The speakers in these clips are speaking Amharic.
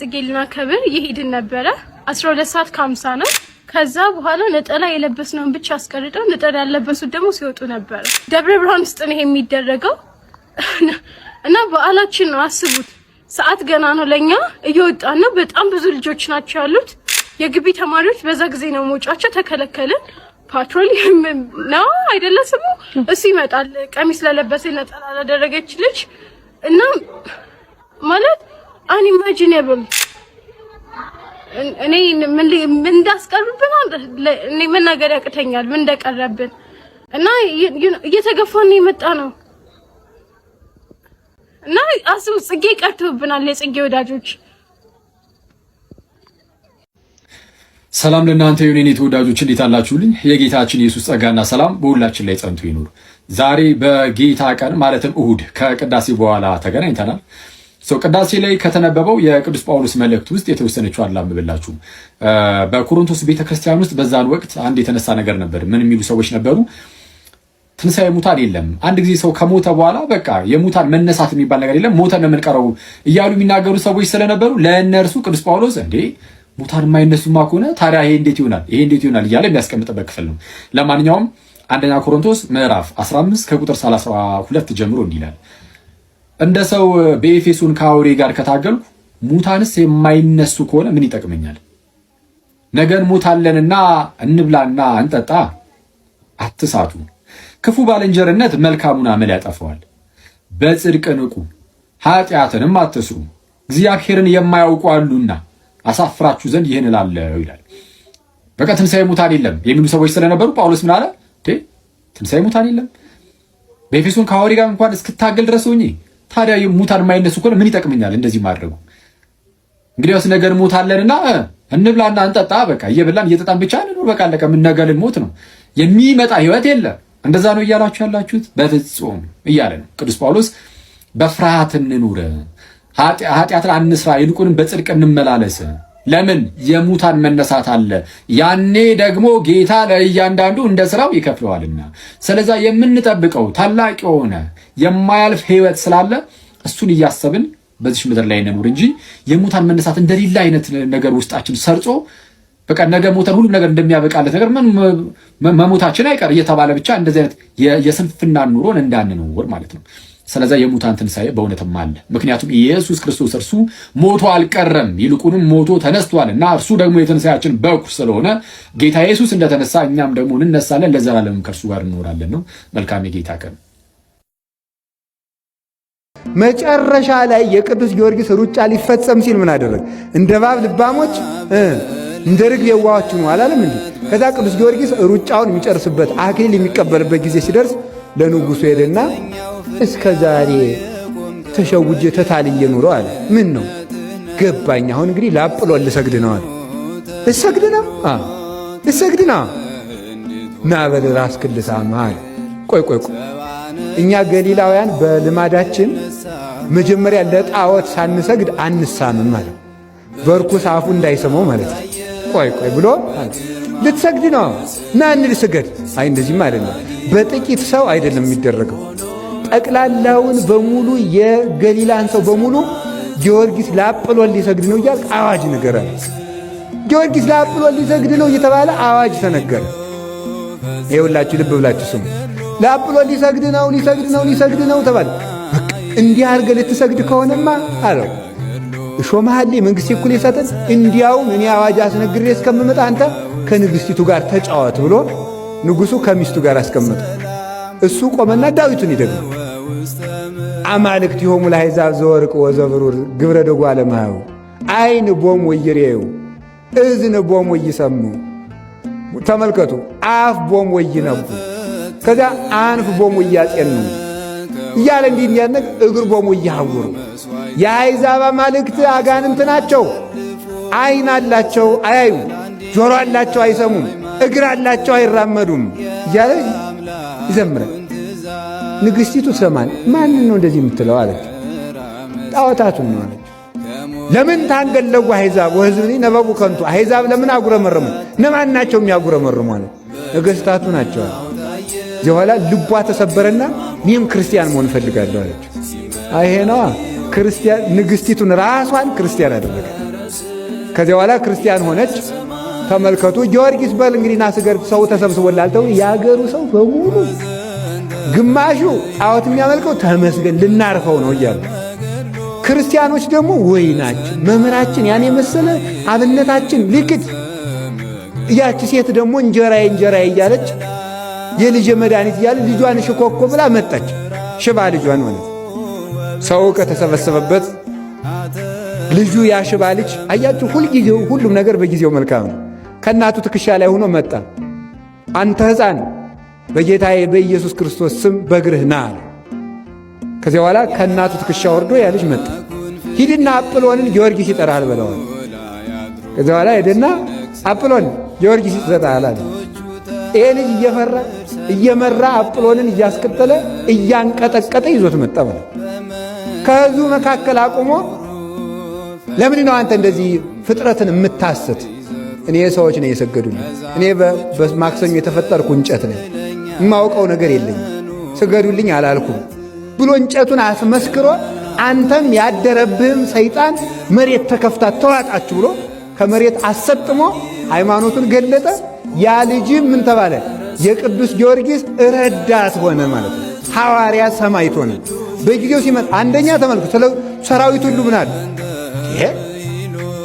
ጽጌ ልናከብር የሄድን ነበረ። 12 ሰዓት ከአምሳ ነው። ከዛ በኋላ ነጠላ የለበስነውን ብቻ አስቀርጠው ነጠላ ያለበሱት ደግሞ ሲወጡ ነበረ። ደብረ ብርሃን ውስጥ ነው የሚደረገው እና በዓላችን ነው አስቡት። ሰዓት ገና ነው ለኛ እየወጣን ነው። በጣም ብዙ ልጆች ናቸው ያሉት። የግቢ ተማሪዎች በዛ ጊዜ ነው መውጫቸው ተከለከልን። ፓትሮል ነው አይደለ ስሙ እሱ ይመጣል። ቀሚስ ለለበሰ ነጠላ ላደረገች ልጅ እና ማለት አን እኔ ምን እንዳስቀርብን እኔ መናገር ያቅተኛል፣ ምን እንደቀረብን እና እየተገፋን የመጣ ነው እና አስቡ፣ ጽጌ ቀርቶብናል፣ የጽጌ ወዳጆች። ሰላም ለእናንተ ይሁን የኔ ተወዳጆች፣ እንዴት አላችሁልኝ? የጌታችን ኢየሱስ ጸጋና ሰላም በሁላችን ላይ ጸንቶ ይኑር። ዛሬ በጌታ ቀን ማለትም እሁድ ከቅዳሴ በኋላ ተገናኝተናል። ቅዳሴ ላይ ከተነበበው የቅዱስ ጳውሎስ መልእክት ውስጥ የተወሰነችው አላምብላችሁ። በኮሮንቶስ ቤተክርስቲያን ውስጥ በዛን ወቅት አንድ የተነሳ ነገር ነበር። ምን የሚሉ ሰዎች ነበሩ? ትንሣኤ ሙታን የለም። አንድ ጊዜ ሰው ከሞተ በኋላ በቃ የሙታን መነሳት የሚባል ነገር የለም፣ ሞተን የምንቀረው እያሉ የሚናገሩ ሰዎች ስለነበሩ ለእነርሱ ቅዱስ ጳውሎስ እንዴ ሙታን የማይነሱማ ከሆነ ታዲያ ይሄ እንዴት ይሆናል? ይሄ እንዴት ይሆናል እያለ የሚያስቀምጥበት ክፍል ነው። ለማንኛውም አንደኛ ኮሮንቶስ ምዕራፍ 15 ከቁጥር 32 ጀምሮ እንዲላል እንደ ሰው በኤፌሶን ከአውሬ ጋር ከታገልኩ ሙታንስ የማይነሱ ከሆነ ምን ይጠቅመኛል? ነገን ሙታለንና እንብላና እንጠጣ አትሳቱ። ክፉ ባልንጀርነት መልካሙን አመል ያጠፈዋል። በጽድቅ ንቁ፣ ኃጢአትንም አትስሩ፣ እግዚአብሔርን የማያውቁ አሉና አሳፍራችሁ ዘንድ ይህን እላለሁ ይላል። በቃ ትንሣኤ ሙታን የለም የሚሉ ሰዎች ስለነበሩ ጳውሎስ ምን አለ? ትንሣኤ ሙታን የለም በኤፌሶን ከአውሬ ጋር እንኳን እስክታገል ድረስ ሆኜ ታዲያ ሙታን የማይነሱ ከሆነ ምን ይጠቅመኛል እንደዚህ ማድረጉ? እንግዲያውስ ነገር ሞታለንና እንብላና እንጠጣ፣ በቃ እየበላን እየጠጣን ብቻ እንኑር፣ በቃ አለቀ። ምን ነገ ልንሞት ነው፣ የሚመጣ ህይወት የለም። እንደዛ ነው እያላችሁ ያላችሁት? በፍጹም እያለ ነው ቅዱስ ጳውሎስ። በፍርሃት እንኑር፣ ኃጢአትን አንስራ፣ ይልቁንም በጽድቅ እንመላለስ። ለምን የሙታን መነሳት አለ። ያኔ ደግሞ ጌታ ለእያንዳንዱ እንደ ስራው ይከፍለዋልና። ስለዛ የምንጠብቀው ታላቅ የሆነ የማያልፍ ህይወት ስላለ እሱን እያሰብን በዚች ምድር ላይ እንኑር እንጂ የሙታን መነሳት እንደሌለ አይነት ነገር ውስጣችን ሰርጾ በቃ ነገ ሞተን ሁሉም ነገር እንደሚያበቃለት ነገር ምን መሞታችን አይቀር እየተባለ ብቻ እንደዚህ አይነት የስንፍና ኑሮን እንዳንኖር ማለት ነው። ስለዚያ የሙታን ትንሳኤ በእውነትም አለ። ምክንያቱም ኢየሱስ ክርስቶስ እርሱ ሞቶ አልቀረም፣ ይልቁንም ሞቶ ተነስቷል እና እርሱ ደግሞ የትንሣኤያችን በኩር ስለሆነ ጌታ ኢየሱስ እንደተነሳ እኛም ደግሞ እንነሳለን፣ ለዘላለምም ከእርሱ ጋር እንኖራለን ነው። መልካም የጌታ ቀን መጨረሻ ላይ የቅዱስ ጊዮርጊስ ሩጫ ሊፈጸም ሲል ምን አደረግ? እንደ እባብ ልባሞች እንደ ርግብ የዋሆች ነው አላለም እንዴ? ከዛ ቅዱስ ጊዮርጊስ ሩጫውን የሚጨርስበት አክሊል የሚቀበልበት ጊዜ ሲደርስ ለንጉሱ ሄደና እስከ ዛሬ ተሸውጄ ተታልዬ ኑሮ አለ። ምን ነው ገባኝ። አሁን እንግዲህ ላጵሎ ልሰግድ ነው አለ። ልሰግድ ነው ልሰግድ ነው። ና በል ራስክን ልሳም አለ። ቆይ ቆይ ቆይ እኛ ገሊላውያን በልማዳችን መጀመሪያ ለጣዖት ሳንሰግድ አንሳምም ነው። በርኩስ አፉ እንዳይሰማው ማለት ነው። ቆይ ቆይ ብሎ ልትሰግድ ነው ና እንልስገድ። አይ እንደዚህም አይደለም። በጥቂት ሰው አይደለም የሚደረገው። ጠቅላላውን በሙሉ የገሊላን ሰው በሙሉ ጊዮርጊስ ላጵሎን ሊሰግድ ነው እያል አዋጅ ነገረ። ጊዮርጊስ ላጵሎን ሊሰግድ ነው እየተባለ አዋጅ ተነገረ። ይኸውላችሁ ልብ ብላችሁ ስሙ። ለአጵሎ ሊሰግድ ነው ሊሰግድ ነው ሊሰግድ ነው ተባለ። እንዲህ አድርገህ ልትሰግድ ከሆነማ አለው እሾመሃል መንግሥቴ እኩል የሰጠን እንዲያውም እኔ አዋጅ አስነግሬ እስከምመጣ አንተ ከንግሥቲቱ ጋር ተጫወት ብሎ ንጉሡ ከሚስቱ ጋር አስቀመጠ። እሱ ቆመና ዳዊቱን ይደግ አማልክት ሆሙ ለአሕዛብ ዘወርቅ ወዘብሩር ግብረ ደጎ አለማዩ አይን ቦም ወይሬዩ እዝን ቦም ወይሰሙ ተመልከቱ አፍ ቦም ወይነቡ ከዚያ አንፍ ቦሙ እያጤኑ እያለ እንዲህ እንዲያነቅ እግር ቦሙ እያሐውሩ የአሕዛብ አማልክት አጋንንት ናቸው። ዓይን አላቸው አያዩ፣ ጆሮ አላቸው አይሰሙም፣ እግር አላቸው አይራመዱም እያለ ይዘምራል። ንግሥቲቱ ሰማን ማንን ነው እንደዚህ የምትለው አለች። ጣዖታቱን ነው አለች። ለምን ታንገለጉ አሕዛብ ወሕዝብኒ ነበቡ ከንቱ። አሕዛብ ለምን አጉረመረሙ? እነማን ናቸው የሚያጉረመርሙ? አለ ነገሥታቱ ናቸው። የኋላ ልቧ ተሰበረና እኔም ክርስቲያን መሆን እፈልጋለሁ አለች። ይሄ ነዋ ክርስቲያን ንግሥቲቱን ራሷን ክርስቲያን አደረገ። ከዚያ በኋላ ክርስቲያን ሆነች። ተመልከቱ ጊዮርጊስ በል እንግዲህ ናስገር ሰው ተሰብስቦላልተው የአገሩ ሰው በሙሉ ግማሹ ጣዖት የሚያመልከው ተመስገን ልናርፈው ነው እያሉ ክርስቲያኖች ደግሞ ወይናችን መምህራችን ያን የመሰለ አብነታችን ሊክድ እያች ሴት ደግሞ እንጀራዬ እንጀራዬ እያለች የልጅ መድኃኒት እያለ ልጇን ሽኮኮ ብላ መጣች። ሽባ ልጇን ማለት ሰው ከተሰበሰበበት ልጁ ያ ሽባ ልጅ አያችሁ፣ ሁልጊዜው ሁሉም ነገር በጊዜው መልካም ነው። ከእናቱ ትከሻ ላይ ሆኖ መጣ። አንተ ሕፃን በጌታዬ በኢየሱስ ክርስቶስ ስም በእግርህ ና አለ። ከዚያ በኋላ ከእናቱ ትከሻ ወርዶ ያ ልጅ መጣ። ሂድና አጵሎንን ጊዮርጊስ ይጠራል በለዋል። ከዚያ በኋላ ሄደና አጵሎን ጊዮርጊስ ይጠራሃል አለ። ይሄ ልጅ እየፈራ እየመራ አጵሎንን እያስከተለ እያንቀጠቀጠ ይዞት መጣው። ከህዝቡ መካከል አቁሞ ለምንድን ነው አንተ እንደዚህ ፍጥረትን የምታስት? እኔ ሰዎች ነው የሰገዱልኝ። እኔ በማክሰኞ የተፈጠርኩ እንጨት ነኝ። የማውቀው ነገር የለኝም። ስገዱልኝ አላልኩም ብሎ እንጨቱን አስመስክሮ አንተም ያደረብህም ሰይጣን መሬት ተከፍታ ተዋጣችሁ ብሎ ከመሬት አሰጥሞ ሃይማኖቱን ገለጠ። ያ ልጅም ምን ተባለ? የቅዱስ ጊዮርጊስ ረዳት ሆነ ማለት ነው። ሐዋርያ ሰማይት ሆነ። በጊዜው ሲመጣ አንደኛ ተመልኩ ስለ ሰራዊት ሁሉ ምናል ይሄ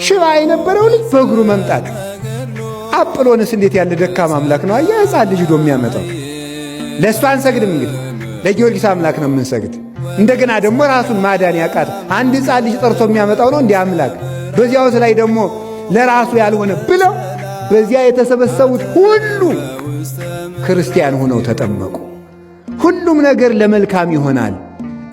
ሽባ የነበረው ልጅ በእግሩ መምጣት አጵሎንስ እንዴት ያለ ደካማ አምላክ ነው! አያ ሕፃን ልጅ ዶ የሚያመጣው ለእሱ አንሰግድም። እንግዲህ ለጊዮርጊስ አምላክ ነው የምንሰግድ። እንደገና ደግሞ ራሱን ማዳን ያቃት አንድ ሕፃን ልጅ ጠርቶ የሚያመጣው ነው እንዲህ አምላክ በዚያውስ ላይ ደግሞ ለራሱ ያልሆነ ብለው በዚያ የተሰበሰቡት ሁሉ ክርስቲያን ሆነው ተጠመቁ። ሁሉም ነገር ለመልካም ይሆናል፣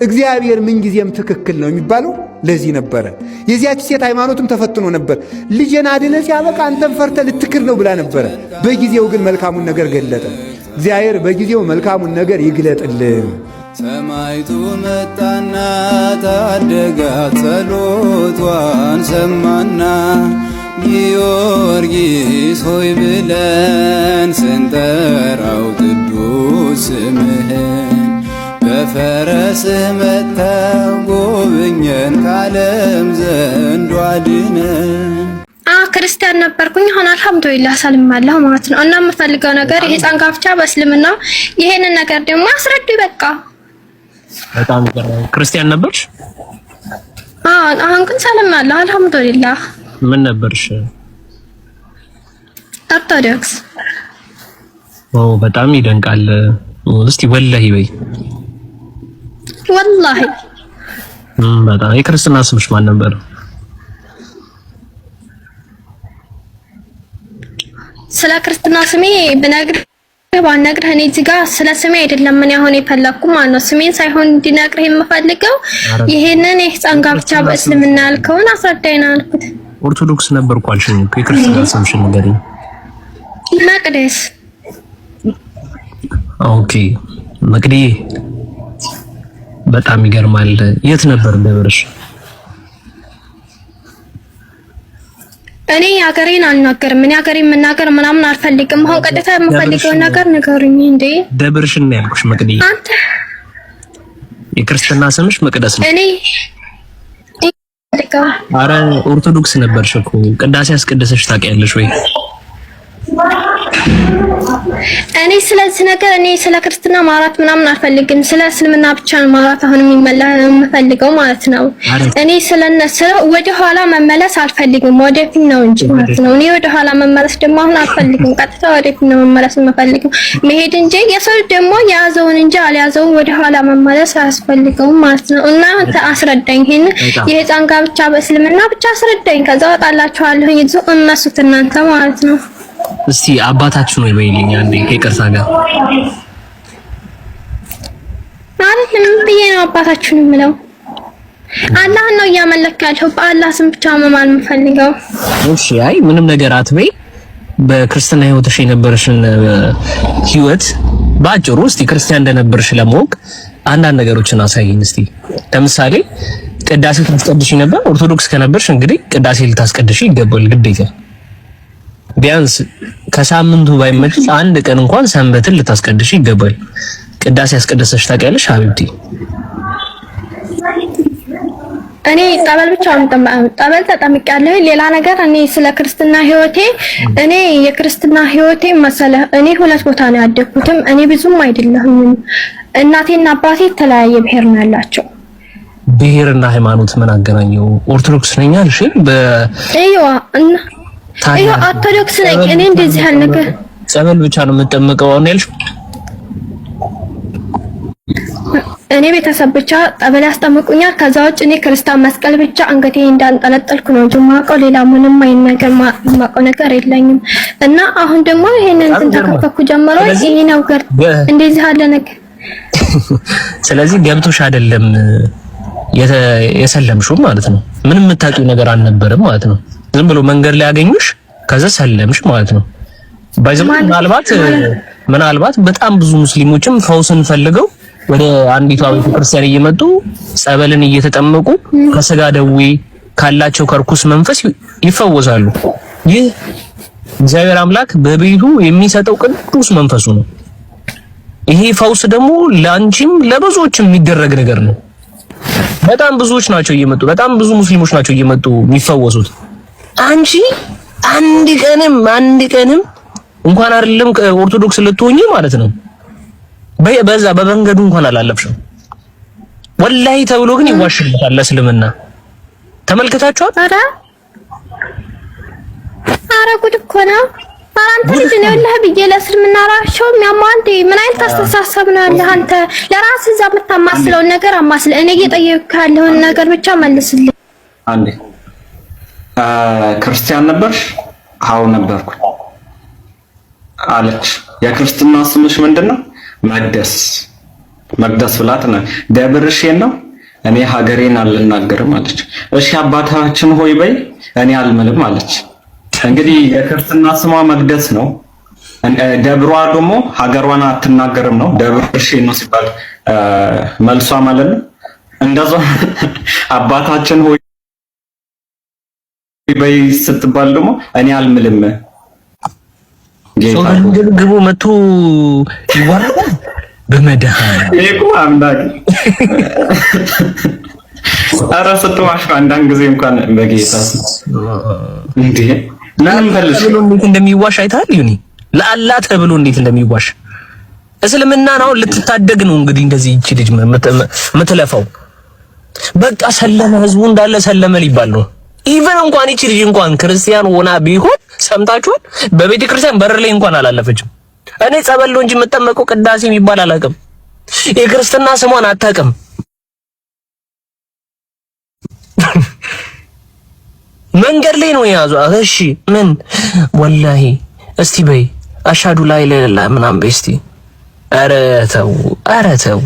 እግዚአብሔር ምንጊዜም ትክክል ነው የሚባለው ለዚህ ነበረ። የዚያች ሴት ሃይማኖትም ተፈትኖ ነበር። ልጄን አድነ ሲያበቃ አንተም ፈርተ ልትክር ነው ብላ ነበረ። በጊዜው ግን መልካሙን ነገር ገለጠ። እግዚአብሔር በጊዜው መልካሙን ነገር ይግለጥልን። ሰማይቱ መጣና ታደጋ ጸሎቷን ሰማና ጊዮርጊስ ሆይ ብለን ስንጠራው ቅዱስ ስምህን በፈረስህ መጥተው ጎብኘን ካለም ዘንዱ አድነን። ክርስቲያን ነበርኩኝ አሁን አልሐምዱሊላህ ሰልማለሁ ማለት ነው። እና የምፈልገው ነገር የህፃን ጋብቻ በእስልምና ይሄንን ነገር ደግሞ አስረዱ በቃ። በጣም ክርስቲያን ነበርሽ? አሁን ግን ሰልማለሁ አልሐምዱሊላህ ምን ነበርሽ? ኦርቶዶክስ። ኦ በጣም ይደንቃል። እስቲ ወላሂ በይ። ወላሂ በጣም የክርስትና ስምሽ ማን ነበር? ስለ ክርስትና ስሜ ብነግርህ ባልነግርህ እኔ እዚህ ጋር ስለ ስሜ አይደለም ምን ያሁን የፈለኩ ማለት ነው። ስሜን ሳይሆን እንዲነግርህ የምፈልገው ይሄንን የህፃን ጋብቻ በእስልምና ያልከውን አስረዳኝ ነው አልኩት። ኦርቶዶክስ ነበርኩ አልሽኝ እኮ የክርስትና ስምሽን ንገሪኝ። መቅደስ። ኦኬ መቅዴ፣ በጣም ይገርማል። የት ነበር ደብርሽ? እኔ ሀገሬን አልናገርም። እኔ ሀገሬን መናገር ምናምን አልፈልግም። አሁን ቀጥታ የምፈልገው ነገር ንገሩኝ። እንዴ ደብርሽ ነው ያልኩሽ። መቅዴ፣ አንተ የክርስትና ስምሽ መቅደስ ነው። እኔ አረ ኦርቶዶክስ ነበርሽ እኮ ቅዳሴ አስቀደሰሽ ታውቂያለሽ ወይ? እኔ ስለዚህ ነገር እኔ ስለ ክርስትና ማውራት ምናምን አልፈልግም። ስለ እስልምና ብቻ ነው ማውራት አሁን የሚመላ የምፈልገው ማለት ነው። እኔ ነሰ ወደ ኋላ መመለስ አልፈልግም፣ ወደፊት ነው እንጂ ማለት ነው። እኔ ወደ ኋላ መመለስ ደግሞ አሁን አልፈልግም። ቀጥታ ወደፊት ነው መመለስ የምፈልገው መሄድ እንጂ የሰው ደግሞ የያዘውን እንጂ አልያዘውን ወደ ኋላ መመለስ አያስፈልገውም ማለት ነው። እና አስረዳኝ፣ ይሄን የህፃን ጋብቻ በእስልምና ብቻ አስረዳኝ። ከዛ ወጣላችኋለሁ ይዙ እነሱት እናንተ ማለት ነው። እስቲ አባታችሁ ነው ይበይልኝ። አንዴ ከይቅርታ ጋር ማለት ምን ብዬ ነው አባታችሁ ነው የምለው? አላህን ነው እያመለክ ያለው። በአላህ ስም ብቻ መማል የምፈልገው። እሺ፣ አይ ምንም ነገር አትበይ። በክርስትና ህይወትሽ የነበረሽን ህይወት በአጭሩ እስቲ ክርስቲያን እንደነበርሽ ለማወቅ አንዳንድ ነገሮችን አሳይኝ እስቲ። ለምሳሌ ቅዳሴ ልታስቀድሽ ነበር ኦርቶዶክስ ከነበርሽ እንግዲህ ቅዳሴ ልታስቀድሽ ይገባል ግዴታ ቢያንስ ከሳምንቱ ባይመችሽ አንድ ቀን እንኳን ሰንበትን ልታስቀድሽ ይገባል። ቅዳሴ ያስቀደሰሽ ታውቂያለሽ ሀቢብቲ? እኔ ጠበል ብቻ ጠበል ተጠምቄያለሁ። ሌላ ነገር እኔ ስለ ክርስትና ህይወቴ እኔ የክርስትና ህይወቴ መሰለ እኔ ሁለት ቦታ ነው ያደግኩትም እኔ ብዙም አይደለሁም። እናቴና አባቴ የተለያየ ብሄር ነው ያላቸው። ብሄርና ሃይማኖት ምን አገናኘው? ኦርቶዶክስ ነኝ አልሽ በ ታዲያ ኦርቶዶክስ ነኝ እኔ እንደዚህ ያለ ነገር ጸበል ብቻ ነው የምጠመቀው። አሁን ያልሽ እኔ ቤተሰብ ብቻ ጠበል ያስጠምቁኛል። ከዛ ውጭ እኔ ክርስቲያን መስቀል ብቻ አንገቴ እንዳንጠለጠልኩ ነው እንጂ የማውቀው ሌላ ምንም አይነት ነገር የማውቀው ነገር የለኝም። እና አሁን ደግሞ ይሄንን እንትን ተከፈኩ ጀምሮ ይሄ ገር እንደዚህ ያለ ነገር ስለዚህ ገብቶሽ አይደለም የሰለምሽው ማለት ነው። ምንም የምታውቂው ነገር አልነበረም ማለት ነው። ዝም ብሎ መንገድ ላይ ያገኙሽ ከዛ ሰለምሽ ማለት ነው። ባይዘም ምናልባት ምናልባት በጣም ብዙ ሙስሊሞችም ፈውስን ፈልገው ወደ አንዲቷ ቤተ ክርስቲያን እየመጡ ጸበልን እየተጠመቁ ከስጋ ደዌ ካላቸው ከርኩስ መንፈስ ይፈወሳሉ። ይህ እግዚአብሔር አምላክ በቤቱ የሚሰጠው ቅዱስ መንፈሱ ነው። ይሄ ፈውስ ደግሞ ለአንቺም ለብዙዎችም የሚደረግ ነገር ነው። በጣም ብዙዎች ናቸው እየመጡ በጣም ብዙ ሙስሊሞች ናቸው እየመጡ የሚፈወሱት። አንቺ አንድ ቀንም አንድ ቀንም እንኳን አይደለም ኦርቶዶክስ ልትሆኚ ማለት ነው በዛ በመንገዱ እንኳን አላለፍሽም። ወላሂ ተብሎ ግን ይዋሽልታል። እስልምና ተመልክታችኋል። ኧረ ኧረ ጉድ እኮ ነው። ኧረ አንተ ልጅ ነው ያለህ ብዬ ለእስልምና ራቸው የሚያማንቴ ምን አይነት አስተሳሰብ ነው ያለህ አንተ? ለራስህ እዛ የምታማስለውን ነገር አማስለ። እኔ እየጠየቅኩህ ያለውን ነገር ብቻ መልስልኝ አንዴ ክርስቲያን ነበርሽ? አዎ ነበርኩ አለች። የክርስትና ስምሽ ምንድን ነው? መቅደስ መቅደስ ብላት ነው። ደብርሽን ነው? እኔ ሀገሬን አልናገርም አለች። እሺ አባታችን ሆይ በይ እኔ አልምልም አለች። እንግዲህ የክርስትና ስሟ መቅደስ ነው። ደብሯ ደግሞ ሀገሯን አትናገርም ነው። ደብርሽን ነው ሲባል መልሷ ማለት ነው። እንደዛ አባታችን ሆይ በይ ስትባል ደግሞ እኔ አልምልም ግቡ መቶ ይዋረዳል። በመድኃኒዓለም ይሄ እኮ አምላክ ኧረ ስትዋሽ አንዳንድ ጊዜ እንኳን በጌታ እንዴ ለምን ፈልሽ እንደሚዋሽ አይታል ይሁን ለአላ ተብሎ እንዴት እንደሚዋሽ እስልምና ነው። ልትታደግ ነው እንግዲህ እንደዚህ ይቺ ልጅ ምትለፈው። በቃ ሰለመ፣ ህዝቡ እንዳለ ሰለመ ሊባል ነው። ኢቨን እንኳን ይቺ ልጅ እንኳን ክርስቲያን ሆና ቢሆን ሰምታችሁን፣ በቤተ ክርስቲያን በር ላይ እንኳን አላለፈችም። እኔ ጸበል እንጂ የምጠመቀው ቅዳሴ የሚባል አላውቅም። የክርስትና ስሟን አታውቅም። መንገድ ላይ ነው የያዟት። እሺ ምን ወላሂ እስቲ በይ አሻዱ ላይ ለላ ምናምን በይ እስቲ። ተው፣ አረ ተው።